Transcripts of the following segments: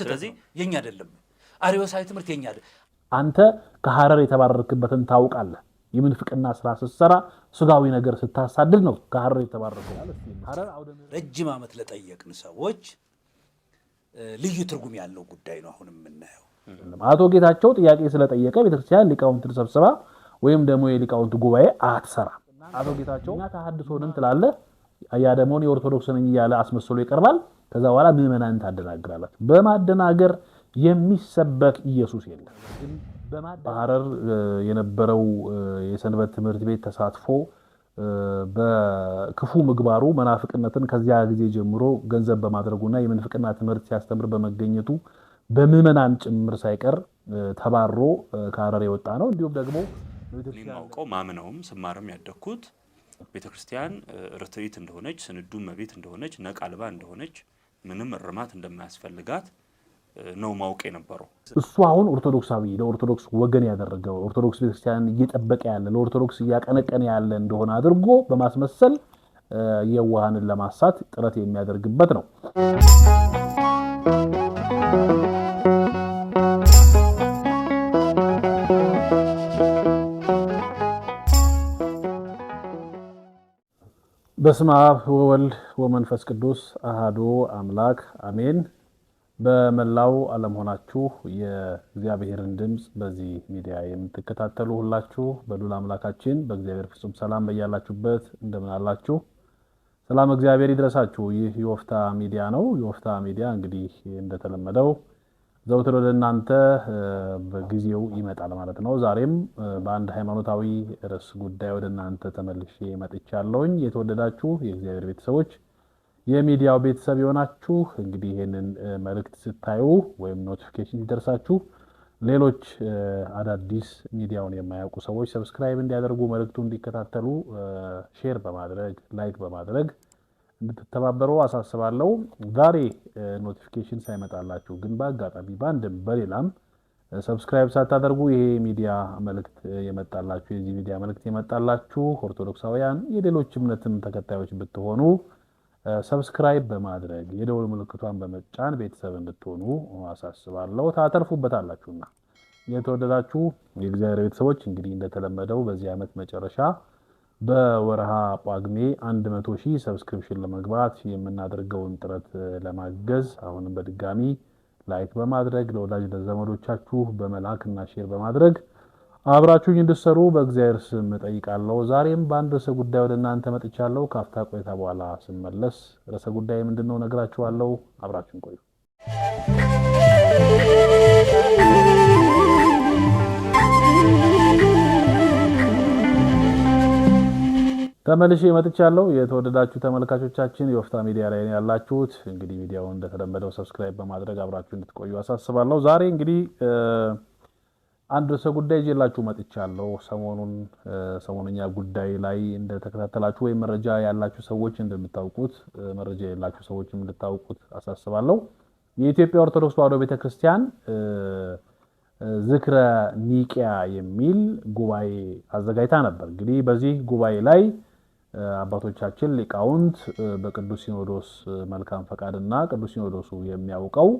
ስለዚህ የኛ አይደለም አርዮሳዊ ትምህርት የኛ አይደለም። አንተ ከሐረር የተባረርክበትን ታውቃለህ። የምንፍቅና ስራ ስትሰራ፣ ስጋዊ ነገር ስታሳድድ ነው ከሐረር የተባረርከው። ረጅም ዓመት ለጠየቅን ሰዎች ልዩ ትርጉም ያለው ጉዳይ ነው አሁን የምናየው። አቶ ጌታቸው ጥያቄ ስለጠየቀ ቤተክርስቲያን ሊቃውንትን ሰብስባ ወይም ደግሞ የሊቃውንት ጉባኤ አትሰራ። አቶ ጌታቸው ተሐድሶንን ትላለህ ያ ደግሞ የኦርቶዶክስ ነኝ እያለ አስመስሎ ይቀርባል። ከዛ በኋላ ምዕመናን ታደናግራላችሁ። በማደናገር የሚሰበክ ኢየሱስ የለም። በሐረር የነበረው የሰንበት ትምህርት ቤት ተሳትፎ በክፉ ምግባሩ መናፍቅነትን ከዚያ ጊዜ ጀምሮ ገንዘብ በማድረጉና የምንፍቅና ትምህርት ሲያስተምር በመገኘቱ በምዕመናን ጭምር ሳይቀር ተባሮ ከሐረር የወጣ ነው። እንዲሁም ደግሞ ማውቀው ማምነውም ስማርም ያደግኩት ቤተክርስቲያን ርትሪት እንደሆነች ስንዱ መቤት እንደሆነች ነቃልባ እንደሆነች ምንም እርማት እንደማያስፈልጋት ነው ማወቅ የነበረው። እሱ አሁን ኦርቶዶክሳዊ ለኦርቶዶክስ ወገን ያደረገው ኦርቶዶክስ ቤተክርስቲያንን እየጠበቀ ያለ ለኦርቶዶክስ እያቀነቀነ ያለ እንደሆነ አድርጎ በማስመሰል የዋሃንን ለማሳት ጥረት የሚያደርግበት ነው። በስመ አብ ወወልድ ወመንፈስ ቅዱስ አሃዱ አምላክ አሜን። በመላው ዓለም ሆናችሁ የእግዚአብሔርን ድምፅ በዚህ ሚዲያ የምትከታተሉ ሁላችሁ በሉል አምላካችን በእግዚአብሔር ፍጹም ሰላም በያላችሁበት እንደምን አላችሁ? ሰላም እግዚአብሔር ይድረሳችሁ። ይህ የወፍታ ሚዲያ ነው። የወፍታ ሚዲያ እንግዲህ እንደተለመደው ዘውትር ወደ እናንተ በጊዜው ይመጣል ማለት ነው። ዛሬም በአንድ ሃይማኖታዊ ርዕስ ጉዳይ ወደ እናንተ ተመልሼ መጥቻለሁኝ። የተወደዳችሁ የእግዚአብሔር ቤተሰቦች፣ የሚዲያው ቤተሰብ የሆናችሁ እንግዲህ ይህንን መልእክት ስታዩ ወይም ኖቲፊኬሽን ሲደርሳችሁ ሌሎች አዳዲስ ሚዲያውን የማያውቁ ሰዎች ሰብስክራይብ እንዲያደርጉ መልእክቱ እንዲከታተሉ ሼር በማድረግ ላይክ በማድረግ እንድትተባበሩ አሳስባለሁ። ዛሬ ኖቲፊኬሽን ሳይመጣላችሁ ግን በአጋጣሚ በአንድም በሌላም ሰብስክራይብ ሳታደርጉ ይሄ ሚዲያ መልእክት የመጣላችሁ የዚህ ሚዲያ መልእክት የመጣላችሁ ኦርቶዶክሳውያን የሌሎች እምነትም ተከታዮች ብትሆኑ ሰብስክራይብ በማድረግ የደውል ምልክቷን በመጫን ቤተሰብ እንድትሆኑ አሳስባለሁ። ታተርፉበታላችሁና የተወደዳችሁ የእግዚአብሔር ቤተሰቦች እንግዲህ እንደተለመደው በዚህ ዓመት መጨረሻ በወርሃ ጳጉሜ 100 ሺህ ሰብስክሪፕሽን ለመግባት የምናደርገውን ጥረት ለማገዝ አሁንም በድጋሚ ላይክ በማድረግ ለወዳጅ ለዘመዶቻችሁ በመላክ እና ሼር በማድረግ አብራችሁኝ እንድትሰሩ በእግዚአብሔር ስም እጠይቃለሁ። ዛሬም በአንድ ርዕሰ ጉዳይ ወደ እናንተ መጥቻለሁ። ከአፍታ ቆይታ በኋላ ስመለስ ርዕሰ ጉዳይ ምንድን ነው እነግራችኋለሁ። አብራችሁን ቆዩ። ተመልሼ መጥቻለሁ። የተወደዳችሁ ተመልካቾቻችን የወፍታ ሚዲያ ላይ ያላችሁት እንግዲህ ሚዲያውን እንደተለመደው ሰብስክራይብ በማድረግ አብራችሁ እንድትቆዩ አሳስባለሁ። ዛሬ እንግዲህ አንድ ርዕሰ ጉዳይ ይዤላችሁ መጥቻለሁ። ሰሞኑን ሰሞነኛ ጉዳይ ላይ እንደተከታተላችሁ ወይም መረጃ ያላችሁ ሰዎች እንደምታውቁት፣ መረጃ የላችሁ ሰዎችም እንድታውቁት አሳስባለሁ። የኢትዮጵያ ኦርቶዶክስ ተዋሕዶ ቤተክርስቲያን ዝክረ ኒቅያ የሚል ጉባኤ አዘጋጅታ ነበር። እንግዲህ በዚህ ጉባኤ ላይ አባቶቻችን ሊቃውንት በቅዱስ ሲኖዶስ መልካም ፈቃድና ቅዱስ ሲኖዶሱ የሚያውቀው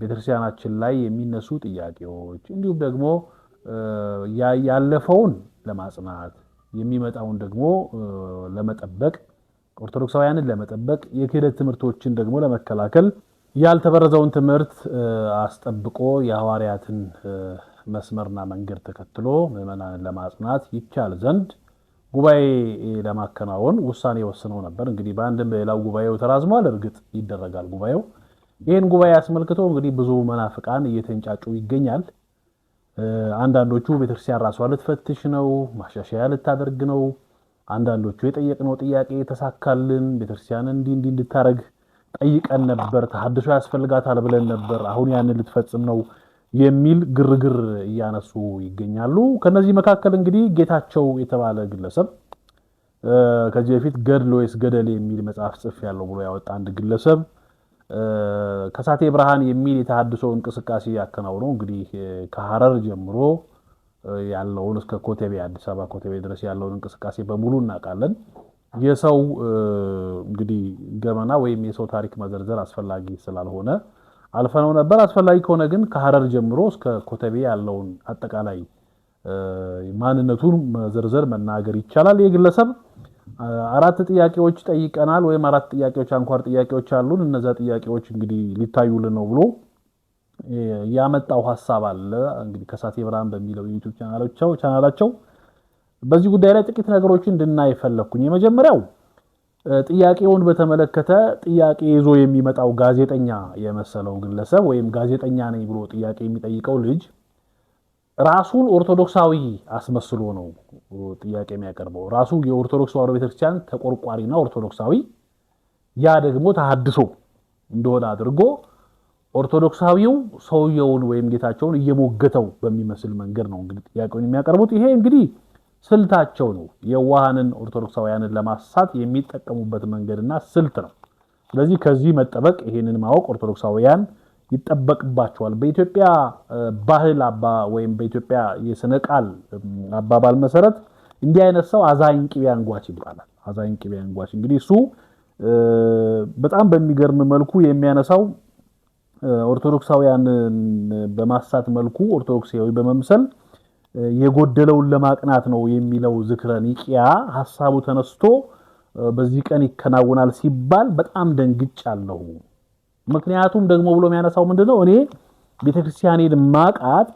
ቤተክርስቲያናችን ላይ የሚነሱ ጥያቄዎች እንዲሁም ደግሞ ያለፈውን ለማጽናት የሚመጣውን ደግሞ ለመጠበቅ ኦርቶዶክሳውያንን ለመጠበቅ የክህደት ትምህርቶችን ደግሞ ለመከላከል ያልተበረዘውን ትምህርት አስጠብቆ የሐዋርያትን መስመርና መንገድ ተከትሎ ምዕመናንን ለማጽናት ይቻል ዘንድ ጉባኤ ለማከናወን ውሳኔ ወስነው ነበር። እንግዲህ በአንድም በሌላው ጉባኤው ተራዝሟል። እርግጥ ይደረጋል ጉባኤው። ይህን ጉባኤ አስመልክቶ እንግዲህ ብዙ መናፍቃን እየተንጫጩ ይገኛል። አንዳንዶቹ ቤተክርስቲያን ራሷ ልትፈትሽ ነው፣ ማሻሻያ ልታደርግ ነው። አንዳንዶቹ የጠየቅነው ጥያቄ ተሳካልን፣ ቤተክርስቲያን እንዲህ እንዲህ እንድታደርግ ጠይቀን ነበር፣ ተሐድሶ ያስፈልጋታል ብለን ነበር፣ አሁን ያንን ልትፈጽም ነው የሚል ግርግር እያነሱ ይገኛሉ። ከነዚህ መካከል እንግዲህ ጌታቸው የተባለ ግለሰብ ከዚህ በፊት ገድል ወይስ ገደል የሚል መጽሐፍ ጽፍ ያለው ብሎ ያወጣ አንድ ግለሰብ ከሳቴ ብርሃን የሚል የተሃድሶ እንቅስቃሴ ያከናውነው እንግዲህ ከሐረር ጀምሮ ያለውን እስከ ኮተቤ አዲስ አበባ ኮተቤ ድረስ ያለውን እንቅስቃሴ በሙሉ እናውቃለን። የሰው እንግዲህ ገመና ወይም የሰው ታሪክ መዘርዘር አስፈላጊ ስላልሆነ አልፈነው ነበር። አስፈላጊ ከሆነ ግን ከሀረር ጀምሮ እስከ ኮተቤ ያለውን አጠቃላይ ማንነቱን መዘርዘር መናገር ይቻላል። ይህ ግለሰብ አራት ጥያቄዎች ጠይቀናል፣ ወይም አራት ጥያቄዎች አንኳር ጥያቄዎች አሉን። እነዛ ጥያቄዎች እንግዲህ ሊታዩልን ነው ብሎ ያመጣው ሀሳብ አለ። እንግዲህ ከሳቴ ብርሃን በሚለው የዩቱብ ቻናላቸው በዚህ ጉዳይ ላይ ጥቂት ነገሮችን እንድናይ ፈለግኩኝ። የመጀመሪያው ጥያቄውን በተመለከተ ጥያቄ ይዞ የሚመጣው ጋዜጠኛ የመሰለው ግለሰብ ወይም ጋዜጠኛ ነኝ ብሎ ጥያቄ የሚጠይቀው ልጅ ራሱን ኦርቶዶክሳዊ አስመስሎ ነው ጥያቄ የሚያቀርበው። ራሱ የኦርቶዶክስ ተዋሕዶ ቤተክርስቲያን ተቆርቋሪና ኦርቶዶክሳዊ፣ ያ ደግሞ ተሃድሶ እንደሆነ አድርጎ ኦርቶዶክሳዊው ሰውየውን ወይም ጌታቸውን እየሞገተው በሚመስል መንገድ ነው እንግዲህ ጥያቄውን የሚያቀርቡት። ይሄ እንግዲህ ስልታቸው ነው። የዋሃንን ኦርቶዶክሳውያንን ለማሳት የሚጠቀሙበት መንገድና ስልት ነው። ስለዚህ ከዚህ መጠበቅ ይሄንን ማወቅ ኦርቶዶክሳውያን ይጠበቅባቸዋል። በኢትዮጵያ ባህል አባ ወይም በኢትዮጵያ የስነ ቃል አባባል መሰረት እንዲህ አይነት ሰው አዛኝ ቅቤ አንጓች ይባላል። አዛኝ ቅቤ አንጓች እንግዲህ እሱ በጣም በሚገርም መልኩ የሚያነሳው ኦርቶዶክሳውያንን በማሳት መልኩ ኦርቶዶክሳዊ በመምሰል የጎደለውን ለማቅናት ነው የሚለው ዝክረ ኒቅያ ሀሳቡ ተነስቶ በዚህ ቀን ይከናወናል ሲባል በጣም ደንግጭ አለሁ። ምክንያቱም ደግሞ ብሎ የሚያነሳው ምንድነው? እኔ ቤተክርስቲያኔን ማቃት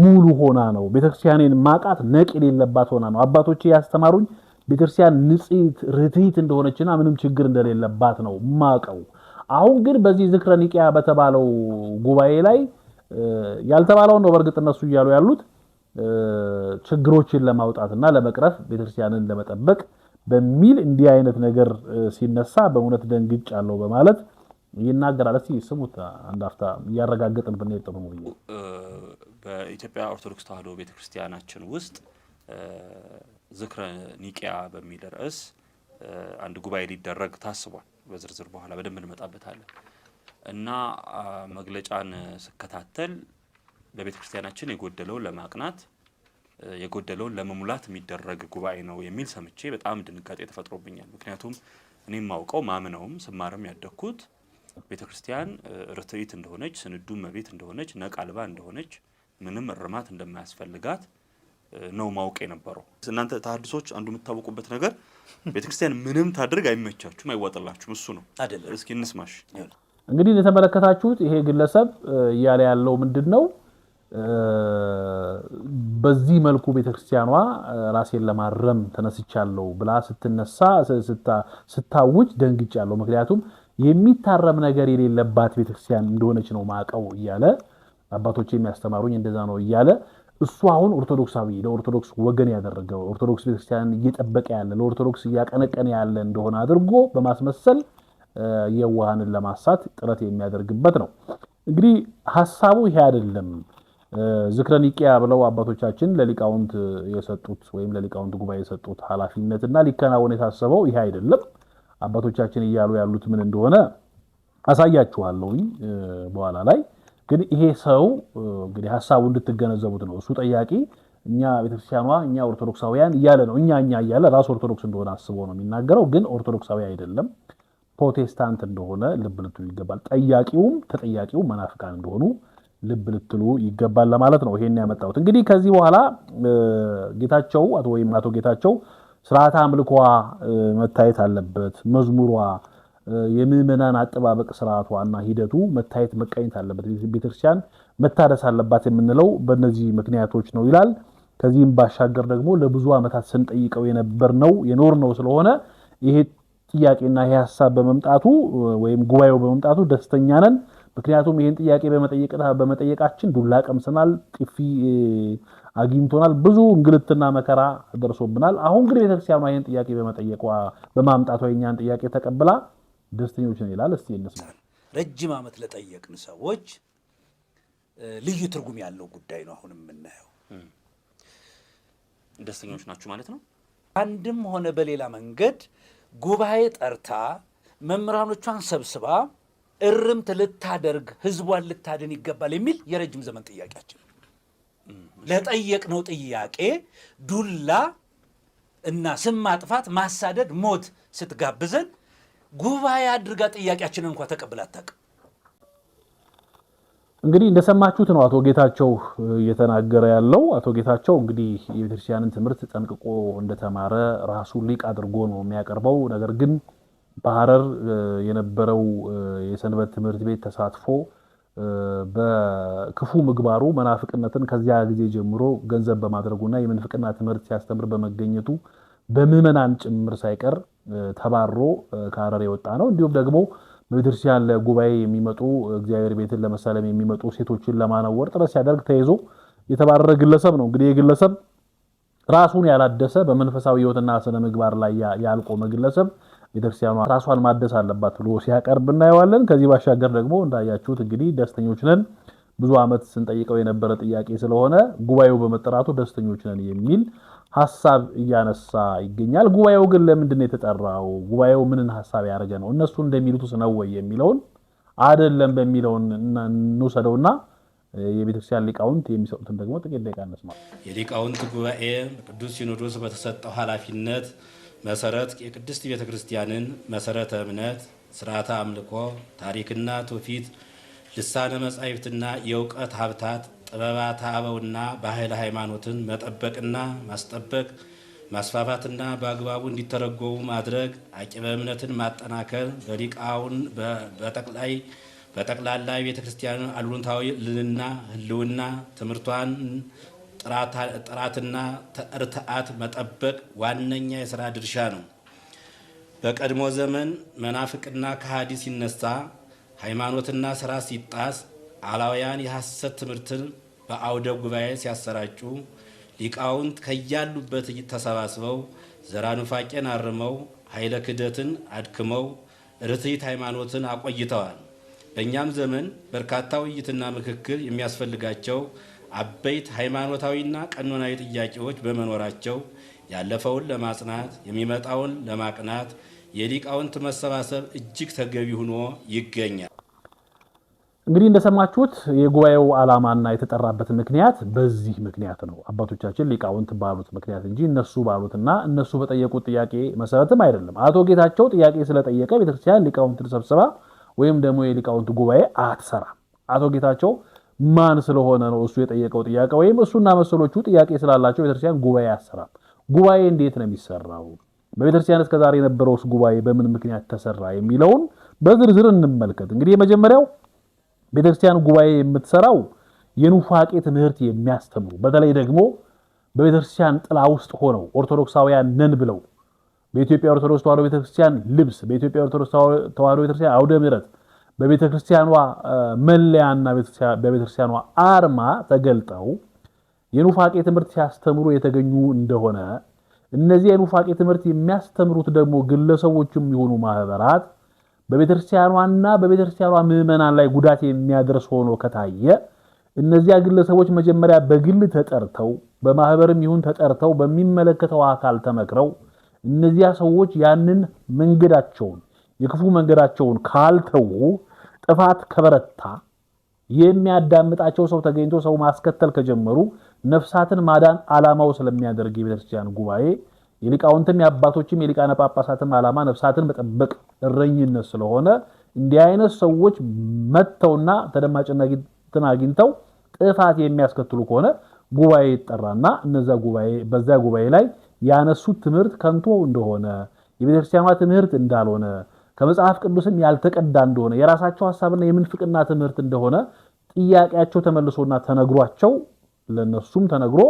ሙሉ ሆና ነው። ቤተክርስቲያኔን ማቃት ነቅ የሌለባት ሆና ነው። አባቶቼ ያስተማሩኝ ቤተክርስቲያን ንጽሕት፣ ርትዕት እንደሆነችና ምንም ችግር እንደሌለባት ነው ማቀው። አሁን ግን በዚህ ዝክረ ኒቂያ በተባለው ጉባኤ ላይ ያልተባለውን ነው በእርግጥ እነሱ እያሉ ያሉት ችግሮችን ለማውጣትና ለመቅረፍ ቤተክርስቲያንን ለመጠበቅ በሚል እንዲህ አይነት ነገር ሲነሳ በእውነት ደንግጭ አለው በማለት ይናገራል። እስቲ ስሙት አንድ አፍታ እያረጋገጥን ብን ጥሩ በኢትዮጵያ ኦርቶዶክስ ተዋህዶ ቤተክርስቲያናችን ውስጥ ዝክረ ኒቂያ በሚል ርዕስ አንድ ጉባኤ ሊደረግ ታስቧል። በዝርዝር በኋላ በደንብ እንመጣበታለን እና መግለጫን ስከታተል ለቤተ ክርስቲያናችን የጎደለውን ለማቅናት የጎደለውን ለመሙላት የሚደረግ ጉባኤ ነው የሚል ሰምቼ በጣም ድንጋጤ ተፈጥሮብኛል። ምክንያቱም እኔም ማውቀው ማምነውም ስማርም ያደግኩት ቤተ ክርስቲያን ርትዕት እንደሆነች፣ ስንዱ መቤት እንደሆነች፣ ነቅ አልባ እንደሆነች፣ ምንም እርማት እንደማያስፈልጋት ነው ማውቅ የነበረው። እናንተ ተሐድሶች አንዱ የምታወቁበት ነገር ቤተ ክርስቲያን ምንም ታድርግ አይመቻችሁም፣ አይዋጥላችሁም። እሱ ነው አይደለም? እስኪ እንስማሽ። እንግዲህ እንደተመለከታችሁት ይሄ ግለሰብ እያለ ያለው ምንድን ነው በዚህ መልኩ ቤተክርስቲያኗ ራሴን ለማረም ተነስቻለሁ ብላ ስትነሳ ስታውጅ ደንግጫለሁ። ምክንያቱም የሚታረም ነገር የሌለባት ቤተክርስቲያን እንደሆነች ነው ማቀው እያለ አባቶች የሚያስተማሩኝ እንደዛ ነው እያለ እሱ አሁን ኦርቶዶክሳዊ ለኦርቶዶክስ ወገን ያደረገው ኦርቶዶክስ ቤተክርስቲያን እየጠበቀ ያለ ለኦርቶዶክስ እያቀነቀነ ያለ እንደሆነ አድርጎ በማስመሰል የዋሃንን ለማሳት ጥረት የሚያደርግበት ነው። እንግዲህ ሀሳቡ ይሄ አይደለም። ዝክረ ኒቂያ ብለው አባቶቻችን ለሊቃውንት የሰጡት ወይም ለሊቃውንት ጉባኤ የሰጡት እና ሊከናወን የታሰበው ይሄ አይደለም። አባቶቻችን እያሉ ያሉት ምን እንደሆነ አሳያችኋለሁኝ በኋላ ላይ። ግን ይሄ ሰው እንግዲህ ሀሳቡ እንድትገነዘቡት ነው። እሱ ጠያቂ እኛ ቤተክርስቲያኗ እኛ ኦርቶዶክሳውያን እያለ ነው። እኛ እኛ እያለ ራሱ ኦርቶዶክስ እንደሆነ አስቦ ነው የሚናገረው። ግን ኦርቶዶክሳዊ አይደለም፣ ፕሮቴስታንት እንደሆነ ልብ ልትሉ ይገባል። ጠያቂውም ተጠያቂው መናፍቃን እንደሆኑ ልብ ልትሉ ይገባል ለማለት ነው ይሄን ያመጣሁት። እንግዲህ ከዚህ በኋላ ጌታቸው አቶ ወይም አቶ ጌታቸው ስርዓተ አምልኳ መታየት አለበት፣ መዝሙሯ፣ የምዕመናን አጠባበቅ ስርዓቷ እና ሂደቱ መታየት መቃኘት አለበት፣ ቤተክርስቲያን መታደስ አለባት የምንለው በእነዚህ ምክንያቶች ነው ይላል። ከዚህም ባሻገር ደግሞ ለብዙ ዓመታት ስንጠይቀው ነው የኖር ነው ስለሆነ ይሄ ጥያቄና ይሄ ሀሳብ በመምጣቱ ወይም ጉባኤው በመምጣቱ ደስተኛ ነን። ምክንያቱም ይህን ጥያቄ በመጠየቃችን ዱላ ቀምሰናል፣ ጥፊ አግኝቶናል፣ ብዙ እንግልትና መከራ ደርሶብናል። አሁን ግን ቤተክርስቲያኗ ይህን ጥያቄ በመጠየቋ በማምጣቷ የኛን ጥያቄ ተቀብላ ደስተኞች ነው ይላል። እስቲ እንስማ። ረጅም ዓመት ለጠየቅን ሰዎች ልዩ ትርጉም ያለው ጉዳይ ነው። አሁን የምናየው ደስተኞች ናችሁ ማለት ነው። አንድም ሆነ በሌላ መንገድ ጉባኤ ጠርታ መምህራኖቿን ሰብስባ እርምት ልታደርግ ህዝቧን ልታድን ይገባል የሚል የረጅም ዘመን ጥያቄያችን ለጠየቅነው ጥያቄ ዱላ እና ስም ማጥፋት፣ ማሳደድ፣ ሞት ስትጋብዘን ጉባኤ አድርጋ ጥያቄያችንን እንኳ ተቀብላ አታውቅም። እንግዲህ እንደሰማችሁት ነው አቶ ጌታቸው እየተናገረ ያለው። አቶ ጌታቸው እንግዲህ የቤተክርስቲያንን ትምህርት ጠንቅቆ እንደተማረ ራሱ ሊቅ አድርጎ ነው የሚያቀርበው ነገር ግን በሐረር የነበረው የሰንበት ትምህርት ቤት ተሳትፎ በክፉ ምግባሩ መናፍቅነትን ከዚያ ጊዜ ጀምሮ ገንዘብ በማድረጉና የምንፍቅና ትምህርት ሲያስተምር በመገኘቱ በምዕመናን ጭምር ሳይቀር ተባሮ ከሐረር የወጣ ነው። እንዲሁም ደግሞ በቤተክርስቲያን ለጉባኤ የሚመጡ እግዚአብሔር ቤትን ለመሳለም የሚመጡ ሴቶችን ለማነወር ጥረት ሲያደርግ ተይዞ የተባረረ ግለሰብ ነው። እንግዲህ የግለሰብ ራሱን ያላደሰ በመንፈሳዊ ሕይወትና ስነ ምግባር ላይ ያልቆመ ግለሰብ ቤተክርስቲያኗ ራሷን ማደስ አለባት ብሎ ሲያቀርብ እናየዋለን። ከዚህ ባሻገር ደግሞ እንዳያችሁት እንግዲህ ደስተኞች ነን ብዙ ዓመት ስንጠይቀው የነበረ ጥያቄ ስለሆነ ጉባኤው በመጠራቱ ደስተኞች ነን የሚል ሀሳብ እያነሳ ይገኛል። ጉባኤው ግን ለምንድን ነው የተጠራው? ጉባኤው ምንን ሀሳብ ያደረገ ነው? እነሱ እንደሚሉት ነው ወይ የሚለውን አይደለም በሚለውን እንውሰደውና የቤተክርስቲያን ሊቃውንት የሚሰጡትን ደግሞ ጥቂት ደቂቃ እንስማ። የሊቃውንት ጉባኤ ቅዱስ ሲኖዶስ በተሰጠው ኃላፊነት መሰረት የቅድስት ቤተ ክርስቲያንን መሰረተ እምነት፣ ስርዓተ አምልኮ፣ ታሪክና ትውፊት፣ ልሳነ መጻሕፍትና የእውቀት ሀብታት፣ ጥበባተ አበውና ባህል ሃይማኖትን መጠበቅና ማስጠበቅ ማስፋፋትና በአግባቡ እንዲተረጎሙ ማድረግ፣ አቂበ እምነትን ማጠናከር፣ በሊቃውን በጠቅላይ በጠቅላላ ቤተ አሉንታዊ ልንና ህልውና ትምህርቷን ጥራትና እርትዓት መጠበቅ ዋነኛ የስራ ድርሻ ነው። በቀድሞ ዘመን መናፍቅና ከሃዲ ሲነሳ፣ ሃይማኖትና ስራ ሲጣስ፣ አላውያን የሐሰት ትምህርትን በአውደ ጉባኤ ሲያሰራጩ፣ ሊቃውንት ከያሉበት ተሰባስበው ዘራኑፋቄን አርመው ኃይለ ክህደትን አድክመው ርትዕት ሃይማኖትን አቆይተዋል። በእኛም ዘመን በርካታ ውይይትና ምክክር የሚያስፈልጋቸው አበይት ሃይማኖታዊና ቀኖናዊ ጥያቄዎች በመኖራቸው ያለፈውን ለማጽናት የሚመጣውን ለማቅናት የሊቃውንት መሰባሰብ እጅግ ተገቢ ሆኖ ይገኛል። እንግዲህ እንደሰማችሁት የጉባኤው ዓላማና የተጠራበት ምክንያት በዚህ ምክንያት ነው። አባቶቻችን ሊቃውንት ባሉት ምክንያት እንጂ እነሱ ባሉትና እነሱ በጠየቁት ጥያቄ መሰረትም አይደለም። አቶ ጌታቸው ጥያቄ ስለጠየቀ ቤተክርስቲያን ሊቃውንትን ሰብስባ ወይም ደግሞ የሊቃውንት ጉባኤ አትሰራም። አቶ ጌታቸው ማን ስለሆነ ነው እሱ የጠየቀው ጥያቄ ወይም እሱና መሰሎቹ ጥያቄ ስላላቸው ቤተክርስቲያን ጉባኤ አሰራ ጉባኤ እንዴት ነው የሚሰራው? በቤተክርስቲያን እስከዛሬ የነበረውስ ጉባኤ በምን ምክንያት ተሰራ የሚለውን በዝርዝር እንመልከት። እንግዲህ የመጀመሪያው ቤተክርስቲያን ጉባኤ የምትሰራው የኑፋቄ ትምህርት የሚያስተምሩ በተለይ ደግሞ በቤተክርስቲያን ጥላ ውስጥ ሆነው ኦርቶዶክሳውያን ነን ብለው በኢትዮጵያ ኦርቶዶክስ ተዋሕዶ ቤተክርስቲያን ልብስ በኢትዮጵያ ኦርቶዶክስ ተዋሕዶ ቤተክርስቲያን አውደ ምሕረት በቤተክርስቲያኗ መለያና ክርስቲያኗ አርማ ተገልጠው የኑፋቄ ትምህርት ሲያስተምሩ የተገኙ እንደሆነ እነዚህ የኑፋቄ ትምህርት የሚያስተምሩት ደግሞ ግለሰቦችም የሆኑ ማህበራት በቤተክርስቲያኗና በቤተክርስቲያኗ ምዕመናን ላይ ጉዳት የሚያደርስ ሆኖ ከታየ እነዚያ ግለሰቦች መጀመሪያ በግል ተጠርተው በማህበርም ይሁን ተጠርተው በሚመለከተው አካል ተመክረው እነዚያ ሰዎች ያንን መንገዳቸውን የክፉ መንገዳቸውን ካልተዉ ጥፋት ከበረታ የሚያዳምጣቸው ሰው ተገኝቶ ሰው ማስከተል ከጀመሩ ነፍሳትን ማዳን ዓላማው ስለሚያደርግ የቤተክርስቲያን ጉባኤ የሊቃውንትም የአባቶችም የሊቃነ ጳጳሳትም ዓላማ ነፍሳትን መጠበቅ እረኝነት ስለሆነ እንዲህ አይነት ሰዎች መጥተውና ተደማጭነትን አግኝተው ጥፋት የሚያስከትሉ ከሆነ ጉባኤ ይጠራና እነዛ ጉባኤ በዛ ጉባኤ ላይ ያነሱት ትምህርት ከንቱ እንደሆነ የቤተክርስቲያኗ ትምህርት እንዳልሆነ ከመጽሐፍ ቅዱስም ያልተቀዳ እንደሆነ የራሳቸው ሀሳብና የምንፍቅና ትምህርት እንደሆነ ጥያቄያቸው ተመልሶና ተነግሯቸው ለነሱም ተነግሮ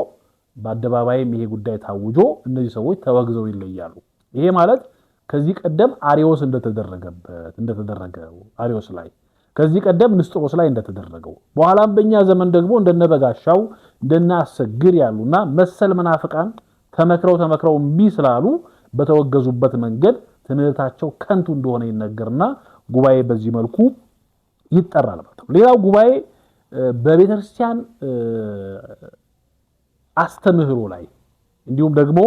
በአደባባይም ይሄ ጉዳይ ታውጆ እነዚህ ሰዎች ተወግዘው ይለያሉ። ይሄ ማለት ከዚህ ቀደም አሪዎስ እንደተደረገበት እንደተደረገው አሪዎስ ላይ ከዚህ ቀደም ንስጥሮስ ላይ እንደተደረገው በኋላም በእኛ ዘመን ደግሞ እንደነበጋሻው እንደናሰግር ያሉና መሰል መናፍቃን ተመክረው ተመክረው እምቢ ስላሉ በተወገዙበት መንገድ ትምህርታቸው ከንቱ እንደሆነ ይነገርና ጉባኤ በዚህ መልኩ ይጠራል ማለት ነው። ሌላው ጉባኤ በቤተክርስቲያን አስተምህሮ ላይ እንዲሁም ደግሞ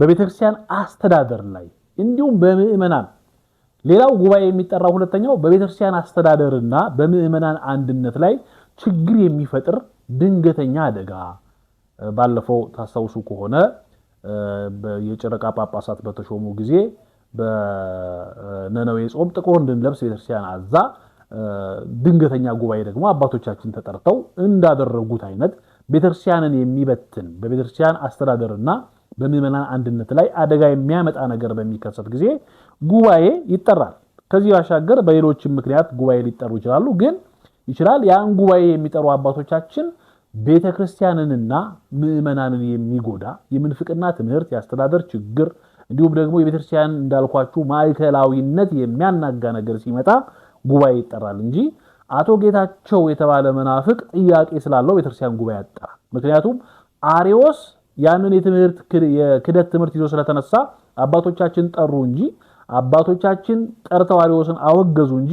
በቤተክርስቲያን አስተዳደር ላይ እንዲሁም በምእመናን ሌላው ጉባኤ የሚጠራው ሁለተኛው በቤተክርስቲያን አስተዳደርና በምእመናን አንድነት ላይ ችግር የሚፈጥር ድንገተኛ አደጋ ባለፈው ታስታውሱ ከሆነ የጨረቃ ጳጳሳት በተሾሙ ጊዜ በነነዌ ጾም ጥቁር እንድንለብስ ቤተክርስቲያን አዛ፣ ድንገተኛ ጉባኤ ደግሞ አባቶቻችን ተጠርተው እንዳደረጉት አይነት ቤተክርስቲያንን የሚበትን በቤተክርስቲያን አስተዳደርና በምዕመናን አንድነት ላይ አደጋ የሚያመጣ ነገር በሚከሰት ጊዜ ጉባኤ ይጠራል። ከዚህ ባሻገር በሌሎችም ምክንያት ጉባኤ ሊጠሩ ይችላሉ። ግን ይችላል ያን ጉባኤ የሚጠሩ አባቶቻችን ቤተክርስቲያንንና ምዕመናንን የሚጎዳ የምንፍቅና ትምህርት፣ የአስተዳደር ችግር እንዲሁም ደግሞ የቤተክርስቲያን እንዳልኳችሁ ማዕከላዊነት የሚያናጋ ነገር ሲመጣ ጉባኤ ይጠራል እንጂ አቶ ጌታቸው የተባለ መናፍቅ ጥያቄ ስላለው ቤተክርስቲያን ጉባኤ ያጠራ። ምክንያቱም አሪዎስ ያንን የትምህርት የክደት ትምህርት ይዞ ስለተነሳ አባቶቻችን ጠሩ እንጂ አባቶቻችን ጠርተው አሪዎስን አወገዙ እንጂ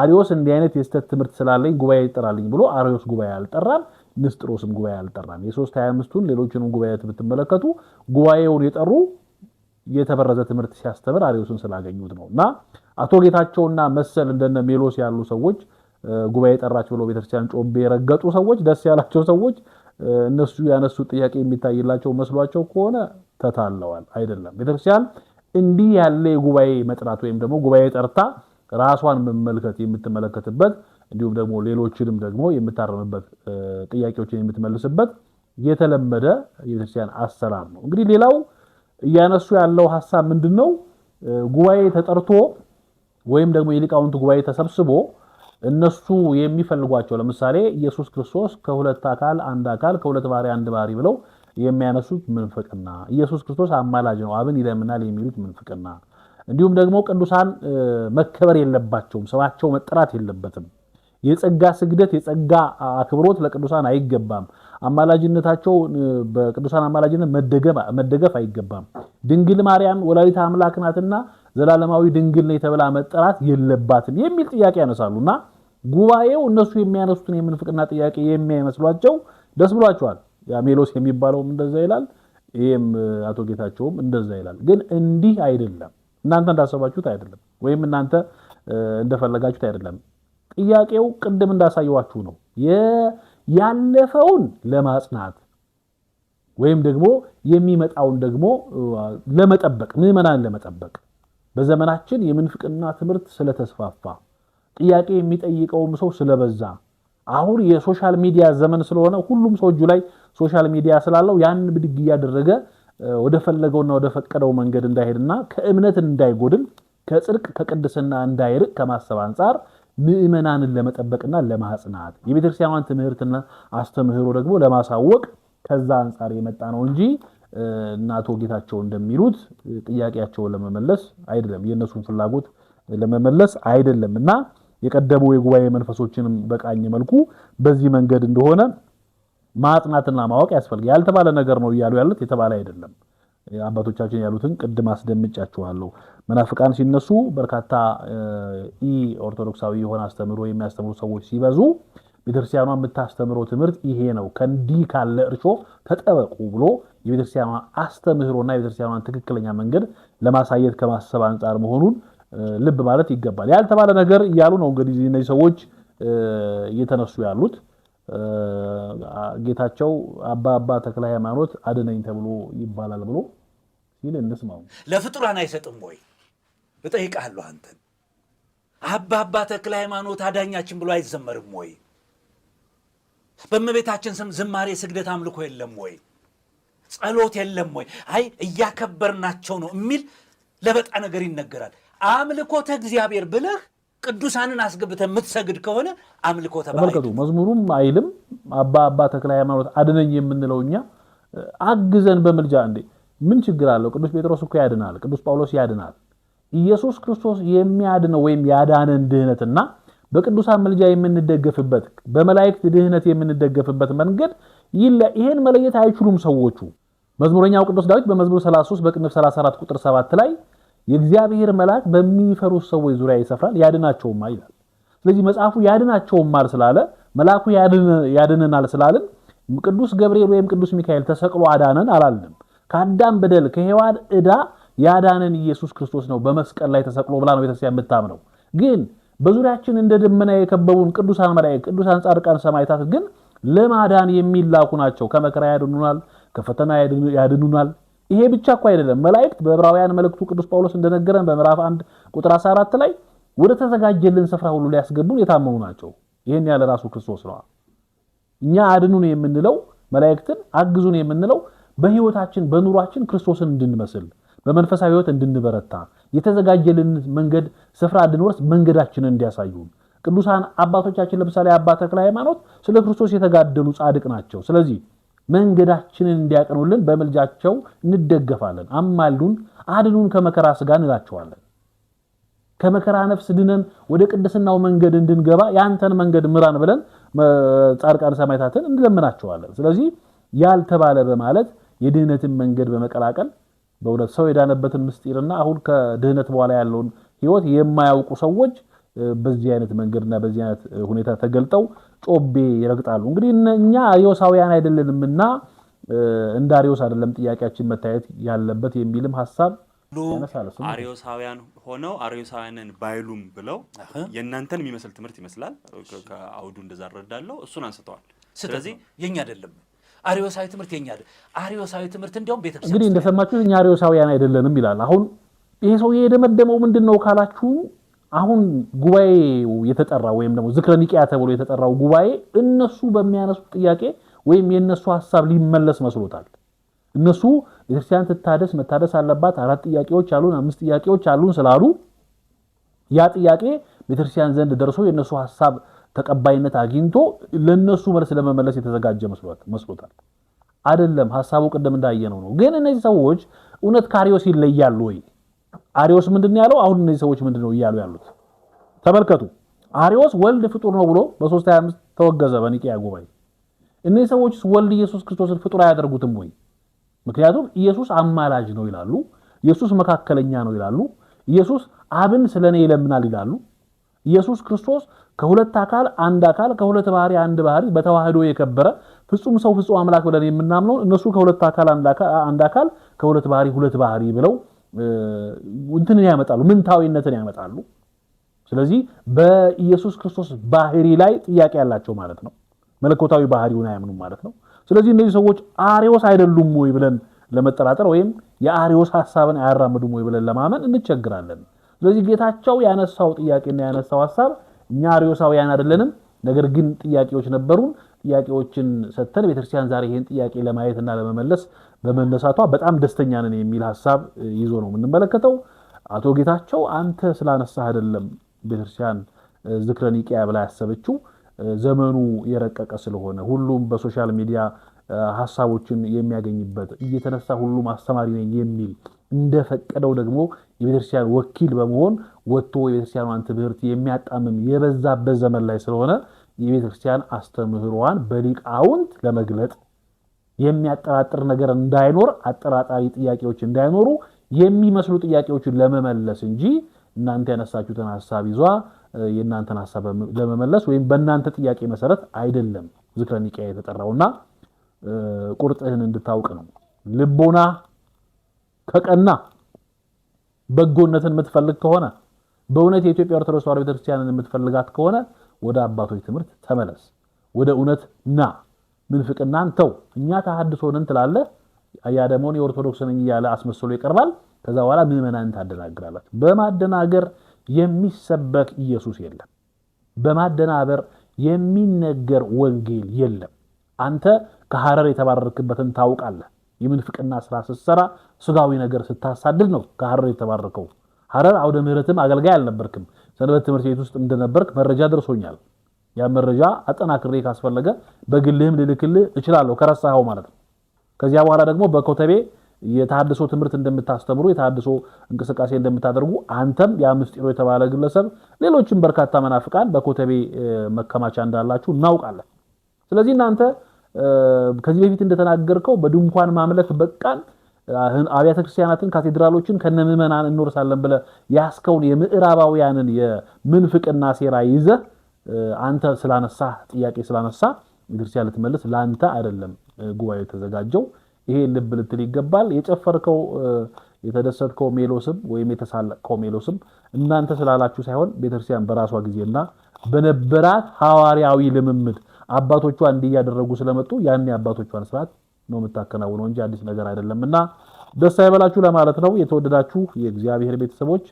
አሪዎስ እንዲህ አይነት የስተት ትምህርት ስላለኝ ጉባኤ ይጠራልኝ ብሎ አሪዎስ ጉባኤ አልጠራም። ንስጥሮስም ጉባኤ አልጠራም። የሶስት ሃያ አምስቱን ሌሎችንም ጉባኤ ብትመለከቱ ጉባኤውን የጠሩ የተበረዘ ትምህርት ሲያስተምር አሪዮስን ስላገኙት ነው። እና አቶ ጌታቸውና መሰል እንደነ ሜሎስ ያሉ ሰዎች ጉባኤ ጠራች ብሎ ቤተክርስቲያን ጮቤ የረገጡ ሰዎች፣ ደስ ያላቸው ሰዎች እነሱ ያነሱት ጥያቄ የሚታይላቸው መስሏቸው ከሆነ ተታለዋል። አይደለም ቤተክርስቲያን እንዲህ ያለ የጉባኤ መጥራት ወይም ደግሞ ጉባኤ ጠርታ ራሷን መመልከት የምትመለከትበት እንዲሁም ደግሞ ሌሎችንም ደግሞ የምታረምበት ጥያቄዎችን የምትመልስበት የተለመደ የቤተክርስቲያን አሰራር ነው። እንግዲህ ሌላው እያነሱ ያለው ሀሳብ ምንድን ነው? ጉባኤ ተጠርቶ ወይም ደግሞ የሊቃውንት ጉባኤ ተሰብስቦ እነሱ የሚፈልጓቸው ለምሳሌ ኢየሱስ ክርስቶስ ከሁለት አካል አንድ አካል ከሁለት ባህሪ አንድ ባህሪ ብለው የሚያነሱት ምንፍቅና፣ ኢየሱስ ክርስቶስ አማላጅ ነው አብን ይለምናል የሚሉት ምንፍቅና፣ እንዲሁም ደግሞ ቅዱሳን መከበር የለባቸውም ስማቸው መጠራት የለበትም፣ የጸጋ ስግደት የጸጋ አክብሮት ለቅዱሳን አይገባም አማላጅነታቸው በቅዱሳን አማላጅነት መደገፍ አይገባም። ድንግል ማርያም ወላዲት አምላክ ናትና ዘላለማዊ ድንግል ነው የተብላ መጠራት የለባትም የሚል ጥያቄ ያነሳሉና ጉባኤው እነሱ የሚያነሱትን የምንፍቅና ጥያቄ የሚያይመስሏቸው ደስ ብሏቸዋል። ሜሎስ የሚባለውም እንደዛ ይላል፣ ይህም አቶ ጌታቸውም እንደዛ ይላል። ግን እንዲህ አይደለም፣ እናንተ እንዳሰባችሁት አይደለም፣ ወይም እናንተ እንደፈለጋችሁት አይደለም። ጥያቄው ቅድም እንዳሳየዋችሁ ነው። ያለፈውን ለማጽናት ወይም ደግሞ የሚመጣውን ደግሞ ለመጠበቅ ምዕመናን ለመጠበቅ በዘመናችን የምንፍቅና ትምህርት ስለተስፋፋ ጥያቄ የሚጠይቀውም ሰው ስለበዛ አሁን የሶሻል ሚዲያ ዘመን ስለሆነ ሁሉም ሰው እጁ ላይ ሶሻል ሚዲያ ስላለው ያን ብድግ እያደረገ ወደፈለገውና ወደፈቀደው መንገድ እንዳይሄድና ከእምነት እንዳይጎድል ከጽድቅ ከቅድስና እንዳይርቅ ከማሰብ አንጻር ምእመናንን ለመጠበቅና ለማጽናት የቤተክርስቲያኗን ትምህርትና አስተምህሮ ደግሞ ለማሳወቅ ከዛ አንጻር የመጣ ነው እንጂ እና አቶ ጌታቸው እንደሚሉት ጥያቄያቸውን ለመመለስ አይደለም፣ የእነሱን ፍላጎት ለመመለስ አይደለም እና የቀደሙ የጉባኤ መንፈሶችንም በቃኝ መልኩ በዚህ መንገድ እንደሆነ ማጽናትና ማወቅ ያስፈልግ ያልተባለ ነገር ነው እያሉ ያሉት የተባለ አይደለም። አባቶቻችን ያሉትን ቅድም አስደምጫችኋለሁ። መናፍቃን ሲነሱ በርካታ ኢ ኦርቶዶክሳዊ የሆነ አስተምሮ የሚያስተምሩ ሰዎች ሲበዙ ቤተክርስቲያኗ የምታስተምረው ትምህርት ይሄ ነው፣ ከእንዲህ ካለ እርሾ ተጠበቁ ብሎ የቤተክርስቲያኗ አስተምህሮና የቤተክርስቲያኗን ትክክለኛ መንገድ ለማሳየት ከማሰብ አንጻር መሆኑን ልብ ማለት ይገባል። ያልተባለ ነገር እያሉ ነው እንግዲህ እነዚህ ሰዎች እየተነሱ ያሉት። ጌታቸው አባ አባ ተክለ ሃይማኖት አድነኝ ተብሎ ይባላል ብሎ ሲል እንስማው። ለፍጡራን አይሰጥም ወይ? እጠይቃለሁ አንተን። አባ አባ ተክለ ሃይማኖት አዳኛችን ብሎ አይዘመርም ወይ? በእመቤታችን ስም ዝማሬ፣ ስግደት፣ አምልኮ የለም ወይ? ጸሎት የለም ወይ? አይ እያከበርናቸው ነው የሚል ለበጣ ነገር ይነገራል። አምልኮተ እግዚአብሔር ብለህ ቅዱሳንን አስገብተ የምትሰግድ ከሆነ አምልኮ ተመልከቱ። መዝሙሩም አይልም አባ አባ ተክለ ሃይማኖት አድነኝ የምንለው እኛ አግዘን በምልጃ እንዴ ምን ችግር አለው? ቅዱስ ጴጥሮስ እኮ ያድናል፣ ቅዱስ ጳውሎስ ያድናል። ኢየሱስ ክርስቶስ የሚያድነው ወይም ያዳነን ድህነትና በቅዱሳን ምልጃ የምንደገፍበት በመላእክት ድህነት የምንደገፍበት መንገድ ይሄን መለየት አይችሉም ሰዎቹ። መዝሙረኛው ቅዱስ ዳዊት በመዝሙር 33 በቅንፍ 34 ቁጥር 7 ላይ የእግዚአብሔር መልአክ በሚፈሩት ሰዎች ዙሪያ ይሰፍራል ያድናቸውማል ይላል። ስለዚህ መጽሐፉ ያድናቸውማል ስላለ መልአኩ ያድነናል ስላልን ቅዱስ ገብርኤል ወይም ቅዱስ ሚካኤል ተሰቅሎ አዳነን አላልንም። ከአዳም በደል ከሔዋን ዕዳ ያዳነን ኢየሱስ ክርስቶስ ነው በመስቀል ላይ ተሰቅሎ ብላ ነው ቤተክርስቲያን የምታምነው። ግን በዙሪያችን እንደ ደመና የከበቡን ቅዱሳን መላእክት፣ ቅዱሳን ጻድቃን፣ ሰማዕታት ግን ለማዳን የሚላኩ ናቸው። ከመከራ ያድኑናል፣ ከፈተና ያድኑናል። ይሄ ብቻ እኮ አይደለም። መላእክት በዕብራውያን መልእክቱ ቅዱስ ጳውሎስ እንደነገረን በምዕራፍ 1 ቁጥር 14 ላይ ወደ ተዘጋጀልን ስፍራ ሁሉ ሊያስገቡን የታመኑ ናቸው። ይህን ያለ ራሱ ክርስቶስ ነዋ። እኛ አድኑን የምንለው መላእክትን አግዙን የምንለው በህይወታችን በኑሯችን ክርስቶስን እንድንመስል በመንፈሳዊ ህይወት እንድንበረታ የተዘጋጀልን መንገድ ስፍራ እንድንወርስ መንገዳችንን እንዲያሳዩን ቅዱሳን አባቶቻችን ለምሳሌ አባ ተክለ ሃይማኖት ስለ ክርስቶስ የተጋደሉ ጻድቅ ናቸው። ስለዚህ መንገዳችንን እንዲያቀኑልን በምልጃቸው እንደገፋለን። አማሉን፣ አድኑን ከመከራ ስጋ እንላቸዋለን። ከመከራ ነፍስ ድነን ወደ ቅድስናው መንገድ እንድንገባ ያንተን መንገድ ምራን ብለን ጻድቃን ሰማዕታትን እንለምናቸዋለን። ስለዚህ ያልተባለ በማለት የድህነትን መንገድ በመቀላቀል በእውነት ሰው የዳነበትን ምስጢርና አሁን ከድህነት በኋላ ያለውን ህይወት የማያውቁ ሰዎች በዚህ አይነት መንገድና በዚህ አይነት ሁኔታ ተገልጠው ጮቤ ይረግጣሉ። እንግዲህ እኛ አሪዮሳውያን አይደለንምና እንደ አሪዮስ አይደለም ጥያቄያችን መታየት ያለበት የሚልም ሀሳብ አሪዮሳውያን ሆነው አሪዮሳውያንን ባይሉም ብለው የእናንተን የሚመስል ትምህርት ይመስላል። ከአውዱ እንደዛ እረዳለሁ። እሱን አንስተዋል። ስለዚህ የኛ አይደለም አሪዮሳዊ ትምህርት የኛል አሪዮሳዊ ትምህርት እንዲሁም ቤተክርስቲያን እንግዲህ እንደሰማችሁ እኛ አሪዮሳውያን አይደለንም ይላል። አሁን ይሄ ሰው የደመደመው ምንድን ነው ካላችሁ አሁን ጉባኤው የተጠራ ወይም ደግሞ ዝክረ ኒቂያ ተብሎ የተጠራው ጉባኤ እነሱ በሚያነሱት ጥያቄ ወይም የእነሱ ሀሳብ ሊመለስ መስሎታል። እነሱ ቤተክርስቲያን ትታደስ መታደስ አለባት፣ አራት ጥያቄዎች አሉን፣ አምስት ጥያቄዎች አሉን ስላሉ ያ ጥያቄ ቤተክርስቲያን ዘንድ ደርሶ የእነሱ ሀሳብ ተቀባይነት አግኝቶ ለነሱ መልስ ለመመለስ የተዘጋጀ መስሎታል። አይደለም ሐሳቡ ቅድም እንዳየነው ነው። ግን እነዚህ ሰዎች እውነት ከአሪዎስ ይለያሉ ወይ? አሪዮስ ምንድን ያለው? አሁን እነዚህ ሰዎች ምንድን ነው እያሉ ያሉት? ተመልከቱ። አሪዮስ ወልድ ፍጡር ነው ብሎ በ325 ተወገዘ በኒቅያ ጉባኤ። እነዚህ ሰዎች ወልድ ኢየሱስ ክርስቶስን ፍጡር አያደርጉትም ወይ? ምክንያቱም ኢየሱስ አማላጅ ነው ይላሉ። ኢየሱስ መካከለኛ ነው ይላሉ። ኢየሱስ አብን ስለኔ ይለምናል ይላሉ። ኢየሱስ ክርስቶስ ከሁለት አካል አንድ አካል ከሁለት ባህሪ አንድ ባህሪ በተዋህዶ የከበረ ፍጹም ሰው ፍጹም አምላክ ብለን የምናምነው እነሱ ከሁለት አካል አንድ አካል ከሁለት ባህሪ ሁለት ባህሪ ብለው እንትንን ያመጣሉ፣ ምንታዊነትን ያመጣሉ። ስለዚህ በኢየሱስ ክርስቶስ ባህሪ ላይ ጥያቄ ያላቸው ማለት ነው። መለኮታዊ ባህሪውን አያምኑም ማለት ነው። ስለዚህ እነዚህ ሰዎች አሪዎስ አይደሉም ወይ ብለን ለመጠራጠር ወይም የአሪዎስ ሀሳብን አያራምዱም ወይ ብለን ለማመን እንቸግራለን። ስለዚህ ጌታቸው ያነሳው ጥያቄና ያነሳው ሀሳብ እኛ አሪዮሳውያን አይደለንም። ነገር ግን ጥያቄዎች ነበሩን። ጥያቄዎችን ሰጥተን ቤተክርስቲያን ዛሬ ይህን ጥያቄ ለማየትና ለመመለስ በመነሳቷ በጣም ደስተኛ ነን የሚል ሀሳብ ይዞ ነው የምንመለከተው። አቶ ጌታቸው አንተ ስላነሳህ አይደለም ቤተክርስቲያን ዝክረ ብላ ያሰበችው ዘመኑ የረቀቀ ስለሆነ ሁሉም በሶሻል ሚዲያ ሀሳቦችን የሚያገኝበት እየተነሳ ሁሉም አስተማሪ ነኝ የሚል እንደፈቀደው ደግሞ የቤተክርስቲያን ወኪል በመሆን ወጥቶ የቤተክርስቲያኗን ትምህርት የሚያጣምም የበዛበት ዘመን ላይ ስለሆነ የቤተክርስቲያን አስተምህሯን በሊቃውንት ለመግለጥ የሚያጠራጥር ነገር እንዳይኖር፣ አጠራጣሪ ጥያቄዎች እንዳይኖሩ የሚመስሉ ጥያቄዎችን ለመመለስ እንጂ እናንተ ያነሳችሁትን ሀሳብ ይዟ የእናንተን ሀሳብ ለመመለስ ወይም በእናንተ ጥያቄ መሰረት አይደለም ዝክረ የተጠራውና ቁርጥህን እንድታውቅ ነው ልቦና ከቀና በጎነትን የምትፈልግ ከሆነ በእውነት የኢትዮጵያ ኦርቶዶክስ ተዋሕዶ ቤተክርስቲያንን የምትፈልጋት ከሆነ ወደ አባቶች ትምህርት ተመለስ። ወደ እውነት ና። ምንፍቅናን ተው። እኛ ተሐድሶንን ትላለህ። ያ ደግሞን የኦርቶዶክስ ነኝ እያለ አስመስሎ ይቀርባል። ከዛ በኋላ ምዕመናን ታደናግራላችሁ። በማደናገር የሚሰበክ ኢየሱስ የለም። በማደናበር የሚነገር ወንጌል የለም። አንተ ከሐረር የተባረርክበትን ታውቃለህ። የምንፍቅና ስራ ስትሰራ ስጋዊ ነገር ስታሳድድ ነው ከሐረር የተባረከው። ሐረር አውደ ምህረትም አገልጋይ አልነበርክም፣ ሰንበት ትምህርት ቤት ውስጥ እንደነበርክ መረጃ ደርሶኛል። ያ መረጃ አጠናክሬ ካስፈለገ በግልህም ልልክልህ እችላለሁ፣ ከረሳኸው ማለት ነው። ከዚያ በኋላ ደግሞ በኮተቤ የተሃድሶ ትምህርት እንደምታስተምሩ የተሃድሶ እንቅስቃሴ እንደምታደርጉ አንተም ያ ምስጢሮ የተባለ ግለሰብ፣ ሌሎችም በርካታ መናፍቃን በኮተቤ መከማቻ እንዳላችሁ እናውቃለን። ስለዚህ እናንተ ከዚህ በፊት እንደተናገርከው በድንኳን ማምለክ በቃን፣ አብያተ ክርስቲያናትን ካቴድራሎችን ከነ ምዕመናን እንወርሳለን ብለ ያስከውን የምዕራባውያንን የምንፍቅና ሴራ ይዘ አንተ ስላነሳ ጥያቄ ስላነሳ ቤተክርስቲያን ልትመልስ ለአንተ አይደለም ጉባኤ የተዘጋጀው። ይሄ ልብ ልትል ይገባል። የጨፈርከው የተደሰትከው ሜሎስም ወይም የተሳለቅከው ሜሎስም እናንተ ስላላችሁ ሳይሆን ቤተክርስቲያን በራሷ ጊዜና በነበራት ሐዋርያዊ ልምምድ አባቶቿ እንዲህ እያደረጉ ስለመጡ ያን የአባቶቿን ስርዓት ነው የምታከናውነው እንጂ አዲስ ነገር አይደለም። እና ደስ አይበላችሁ ለማለት ነው። የተወደዳችሁ የእግዚአብሔር ቤተሰቦች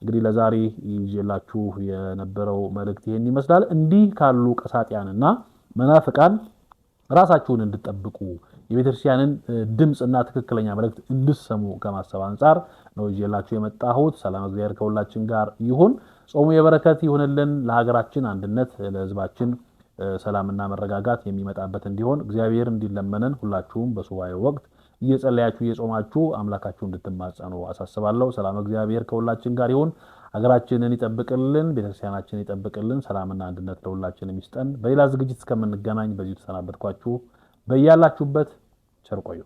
እንግዲህ ለዛሬ ይዤላችሁ የነበረው መልእክት ይሄን ይመስላል። እንዲህ ካሉ ቀሳጢያንና መናፍቃን ራሳችሁን እንድጠብቁ የቤተክርስቲያንን ድምፅና ትክክለኛ መልእክት እንድሰሙ ከማሰብ አንጻር ነው ይዤላችሁ የመጣሁት። ሰላም እግዚአብሔር ከሁላችን ጋር ይሁን። ጾሙ የበረከት ይሁንልን። ለሀገራችን አንድነት፣ ለህዝባችን ሰላምና መረጋጋት የሚመጣበት እንዲሆን እግዚአብሔር እንዲለመንን ሁላችሁም በሱባኤ ወቅት እየጸለያችሁ እየጾማችሁ አምላካችሁ እንድትማጸኑ አሳስባለሁ። ሰላም እግዚአብሔር ከሁላችን ጋር ይሁን። ሀገራችንን ይጠብቅልን፣ ቤተክርስቲያናችንን ይጠብቅልን። ሰላምና አንድነት ለሁላችን የሚስጠን። በሌላ ዝግጅት እስከምንገናኝ በዚሁ ተሰናበትኳችሁ። በያላችሁበት ቸር ቆዩ።